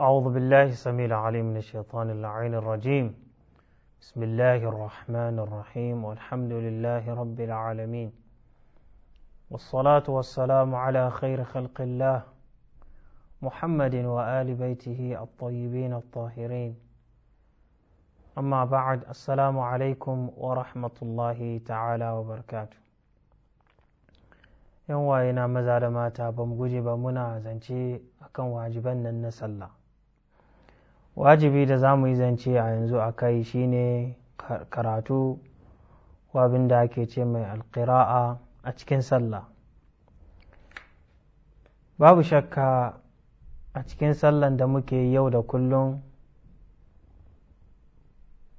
أعوذ بالله السميع العليم من الشيطان اللعين الرجيم بسم الله الرحمن الرحيم والحمد لله رب العالمين والصلاة والسلام على خير خلق الله محمد وآل بيته الطيبين الطاهرين أما بعد السلام عليكم ورحمة الله تعالى وبركاته yan waye na maza da mata ba guje ba muna zance akan wajiban nan na sallah wajibi da za mu yi zance a yanzu a kai shi ne karatu ko da ake ce mai alkira'a a cikin sallah babu shakka a cikin sallan da muke yau da kullum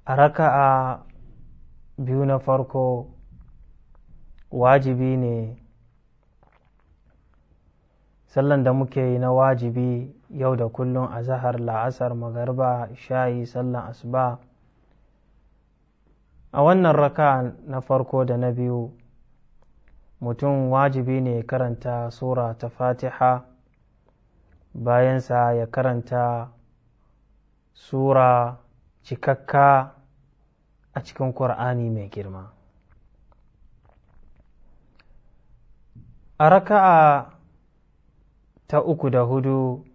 a raka'a biyu na farko wajibi ne sallan da muke yi na wajibi yau da kullum a zahar la'asar magarba shayi sallan asuba a wannan raka na farko da na biyu mutum wajibi ne karanta sura ta fatiha bayansa ya karanta sura cikakka a cikin ƙur'ani mai girma a raka'a ta uku da hudu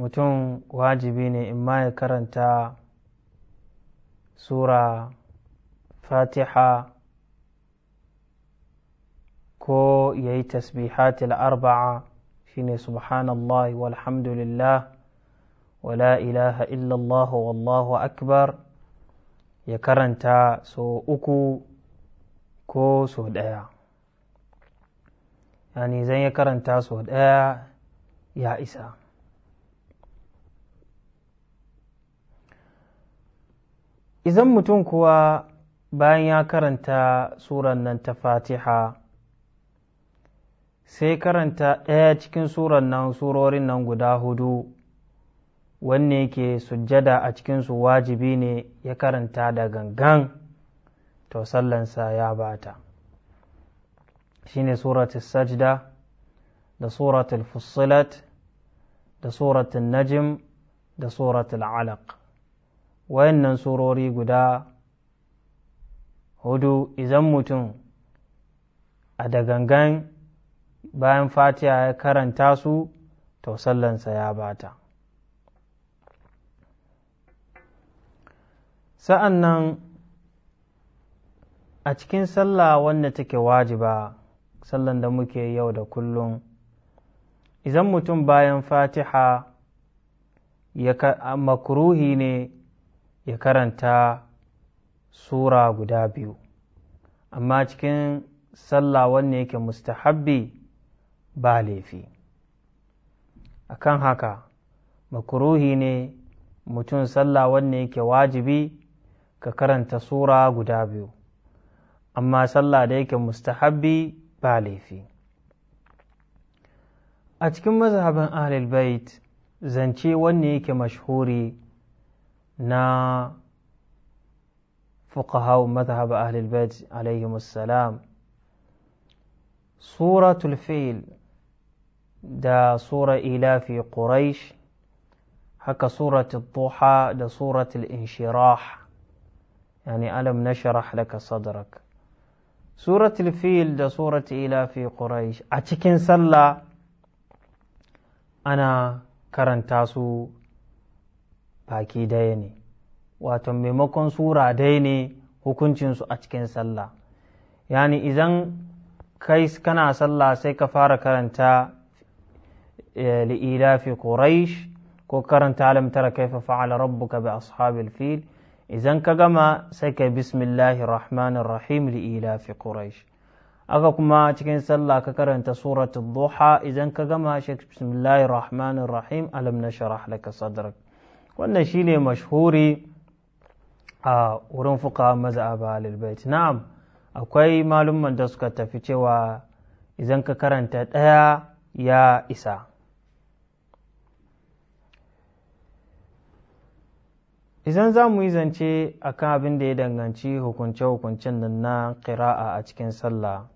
mutum wajibi ne in ma ya karanta sura fatiha ko ya yi tasbihatil arba'a shine subhanallah walhamdulillah wa ilaha illallah wallahu akbar ya karanta so uku ko so ɗaya yani zan ya karanta so ɗaya ya isa idan mutum kuwa bayan ya karanta suran nan ta fatiha sai karanta ɗaya cikin suran nan surorin nan guda hudu wanne yake sujjada a cikinsu wajibi ne ya karanta da gangan to sallansa ya bata shine suratul sajda da suratul fussilat da suratul najim, da suratul alaq wayannan surori guda hudu Izan mutum a da gangan bayan fatiha ya karanta su to sallansa ya bata sa'an nan a cikin sallah wanda take wajiba sallan da muke yau da kullum izan mutum bayan fatiha ya makuruhi ne ya karanta sura guda biyu amma cikin sallah wanne yake mustahabbi ba laifi akan haka makuruhi ne mutum sallah wanne yake wajibi ka karanta sura guda biyu amma sallah da yake mustahabbi ba laifi a cikin mazhabin ahlul bait zance wanne yake mashhuri نا فقهاء مذهب أهل البيت عليهم السلام سورة الفيل دا سورة إله في قريش هكا سورة الضحى دا سورة الانشراح يعني ألم نشرح لك صدرك سورة الفيل دا سورة إله في قريش أتكن سلا أنا كرنتاسو baki daya ne wato maimakon sura daya ne hukuncinsu a cikin sallah yani idan kai kana sallah sai ka fara karanta eh, li'ilafi quraish ko karanta alam tara kaifa fa'ala rabbuka bi ashabil fil idan ka gama sai kai bismillahir rahmanir rahim li'ilafi quraish aka kuma cikin sallah ka karanta suratul duha idan ka gama shi bismillahir rahmanir rahim alam nashrah laka sadrak wannan shi ne mashhuri a wurin fuka maza a lilbait na'am akwai malumman da suka tafi cewa idan ka karanta ɗaya ya isa idan za mu yi zance a kan abin da ya danganci hukunce-hukuncen nan na ƙira'a a cikin sallah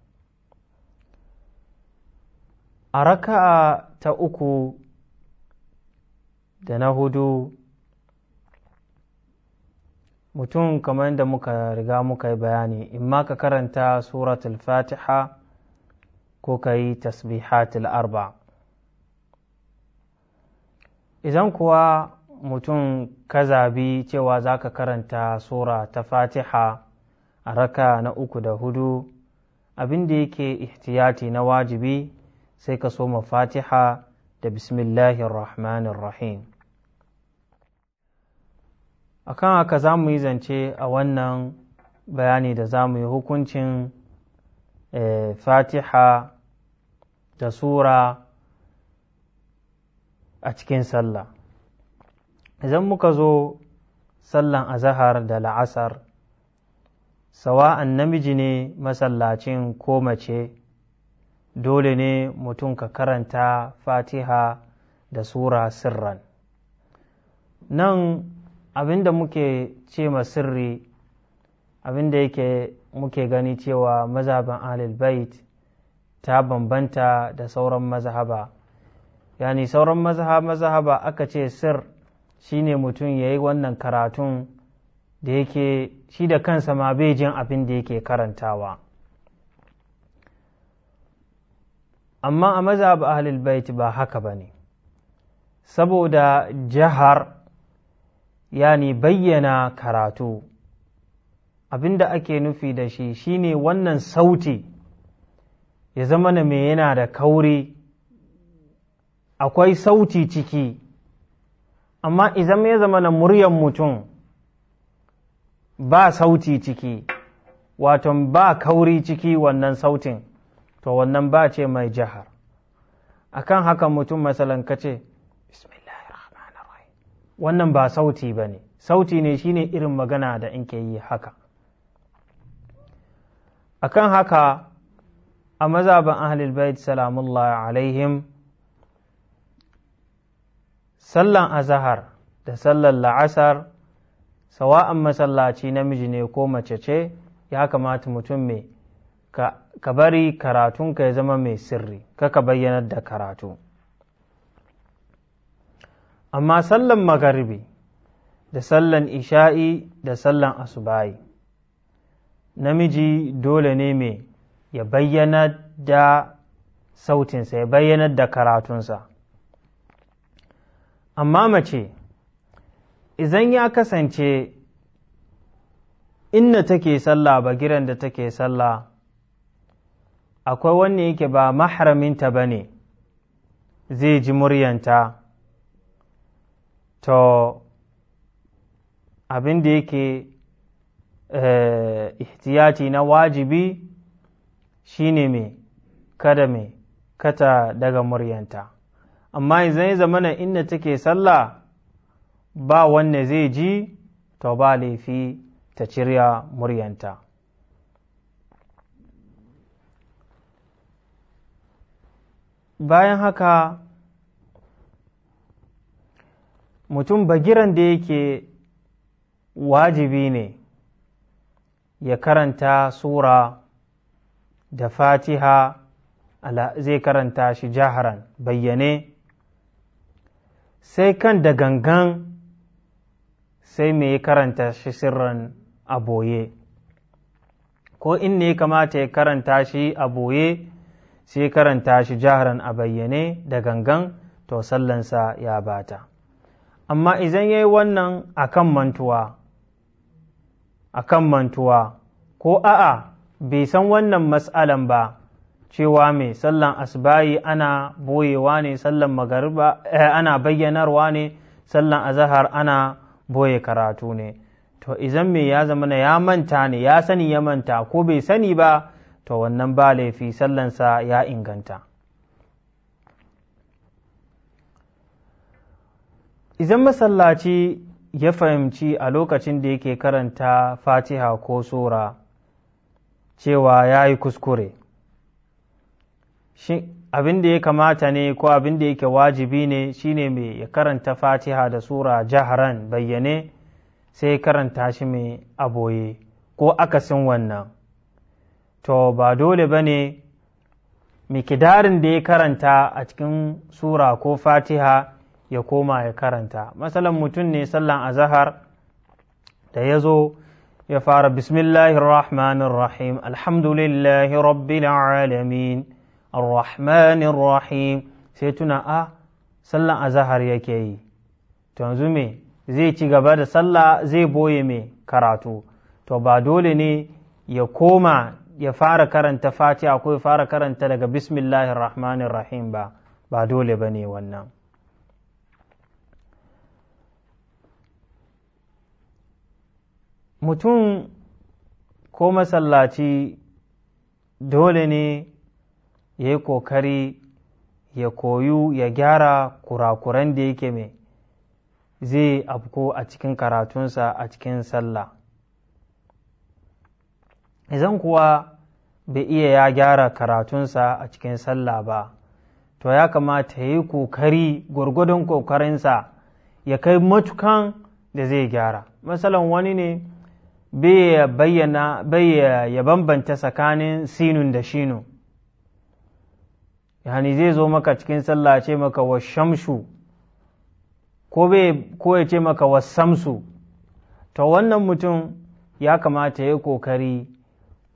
a raka'a ta uku da na hudu mutum kamar da muka riga muka yi bayani in ma ka karanta suratul fatiha ko ka yi tasbihatul arba idan kuwa mutum ka zabi cewa za ka karanta sura ta fatiha a raka na uku da hudu abin da yake ihtiyati na wajibi sai ka soma fatiha da bismillahirrahmanirrahim rahim A kan haka za mu yi zance a wannan bayani da za mu yi hukuncin eh, fatiha da sura a cikin sallah idan muka zo sallan azahar da la'asar sawa'an namiji ne masallacin ko mace dole ne mutum ka karanta fatiha da sura sirran nan Abin da muke ce ma sirri abinda yake muke gani cewa mazhaban ahlul bait ta bambanta da sauran mazhaba yani sauran mazhaba aka ce sir shine mutum ya yi wannan karatun da yake shi da kansa ma bai jin abin da yake karantawa amma a mazhab ahlul bait ba haka ba ne saboda jihar yani bayyana karatu abinda ake nufi da shi shine wannan sauti ya zama na mai yana da kauri akwai sauti ciki amma idan ya zama na muryan mutum ba sauti ciki waton ba kauri ciki wannan sautin to wannan ba ce mai jihar akan haka mutum masalan kace bismillah wannan ba sauti ba ne sauti ne shine irin magana da in ke yi haka akan haka a mazaban ahlul bait salamullah alaihim sallan azahar da sallan la'asar sawa'an masallaci namiji ne ko mace ce ya kamata mutum mai ka bari karatunka ya zama mai sirri ka ka bayyanar da karatu amma sallan magaribi da sallan isha'i da sallan asubayi namiji dole ne mai ya bayyana da sautinsa ya bayyana da karatunsa amma mace izan ya kasance inna take sallah ba giran da take sallah akwai wanne yake ba mahraminta ba ne zai ji muryanta to abin da yake eh, ihtiyaci na wajibi shine mai kada mai kata daga muryanta amma idan ya zamana inda take sallah ba wanne zai ji to ba laifi ta cirya muryanta bayan haka mutum bagiran da yake wajibi ne ya karanta sura da fatiha zai karanta shi jaharan bayyane sai kan da gangan sai mai karanta shi sirran a'boye, ko in ne kamata ya karanta shi a'boye sai karanta shi jaharan a bayyane da gangan to sallansa ya bata amma idan ya yi wannan a mantuwa a mantuwa ko a'a bai san wannan mas'alan ba cewa mai sallan asbayi ana boyewa ne sallan magariba eh, ana bayyanarwa ne sallan azahar ana boye karatu ne to izan me ya zama na ya manta ne ya sani ya manta ko bai sani ba to wannan ba laifi sallansa ya inganta Izan masallaci ya fahimci a lokacin da yake karanta fatiha ko sura cewa ya yi kuskure abin da ya kamata ne ko abin da yake wajibi ne shine mai ya karanta fatiha da sura jaharan bayyane sai ya karanta shi mai aboye ko akasin wannan to ba dole ba ne mikidarin da ya karanta a cikin sura ko fatiha ya koma ya karanta masalan mutum ne sallan azahar da ya zo ya fara bismillahir rahmanir rahim alhamdulillahi rabbil alamin arrahmanir rahim sai tuna a sallan azahar yake yi to yanzu me zai ci gaba da sallah zai boye mai karatu to ba dole ne ya koma ya fara karanta fatiha ko ya fara karanta daga bismillahir rahmanir rahim ba ba dole ba ne wannan mutum ko masallaci dole ne ya yi ƙoƙari ya koyu ya gyara kurakuran da yake mai zai afko a cikin karatunsa a cikin sallah idan kuwa bai iya ya gyara karatunsa a cikin sallah ba to ya kamata ya yi ƙoƙari gwargwadon ƙoƙarinsa ya kai matukan da zai gyara masalan wani ne bai ya bambanta tsakanin sinun da shinu yani zai zo maka cikin sallah ce maka wa shamsu ko ya ce maka wa samsu to wannan mutum ya kamata ya kokari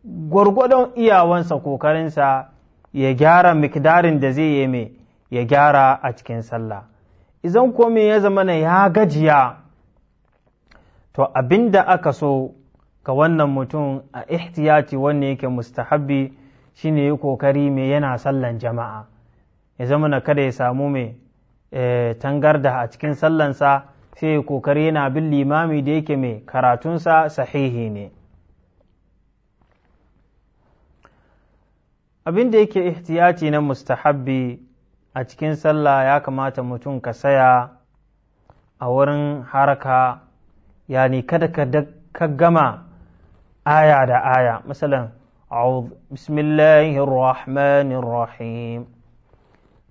gwargwadon iyawansa kokarinsa ya gyara mikdarin da zai yi mai ya gyara a cikin sallah izan komai ya zama na ya gajiya to abinda aka so Ka wannan mutum a ihtiyati wanne yake mustahabbi shine yi kokari mai yana sallan jama'a ya zama na kada ya samu mai eh, tangarda a cikin sallansa sai ya kokari yana bin limami da yake mai karatunsa sahihi ne abin da yake ihtiyati na mustahabbi a cikin sallah ya kamata mutum ka saya a wurin haraka yani kada ka gama aya da aya misalin bismillahir rahmanir rahim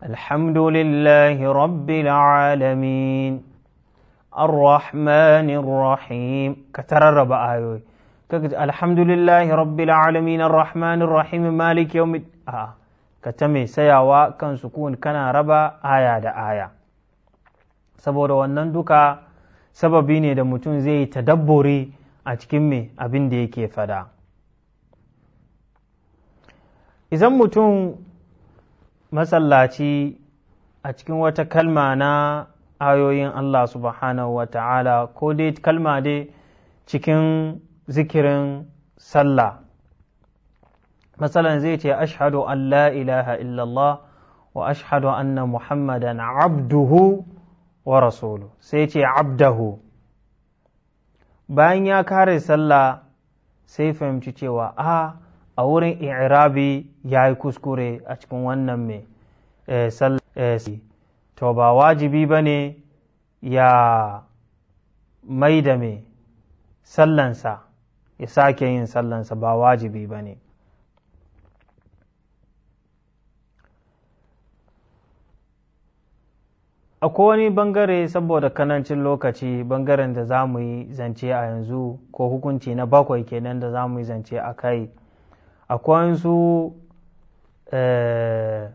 alhamdulillahi rabbil alamin ar-rahmanir rahim ka tararraba ayoyi kaga alhamdulillahi malik yawmid a ka ta mai sayawa kan sukun kana raba aya da aya saboda wannan duka sababi ne da mutum zai tadabbure a cikin me abin da yake fada izan mutum masallaci a cikin wata kalma na ayoyin Allah subhanahu wa ta'ala ko dai kalma dai cikin zikirin sallah matsalan zai ce ashhadu an la ilaha illallah wa ashhadu anna muhammadan abduhu wa rasulu sai ce abdahu bayan ya kare sallah sai fahimci cewa a a wurin i'rabi ya yi kuskure a cikin wannan mai eh, sallah eh, to ba wajibi ba ne ya mai da mai sallansa ya sake yin sallansa ba wajibi ba ne akwai wani bangare saboda kanancin lokaci bangaren da za mu yi zance a yanzu ko hukunci na bakwai kenan da za mu yi zance a kai akwai su eh,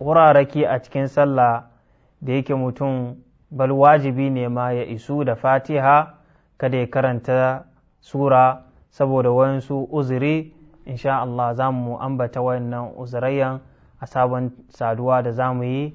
wurarraki a cikin sallah da yake mutum bal wajibi ne ma ya isu da fatiha kada ya karanta sura saboda wayansu uzuri insha Allah za mu ambata wayannan uzurayen a sabon saduwa da za mu yi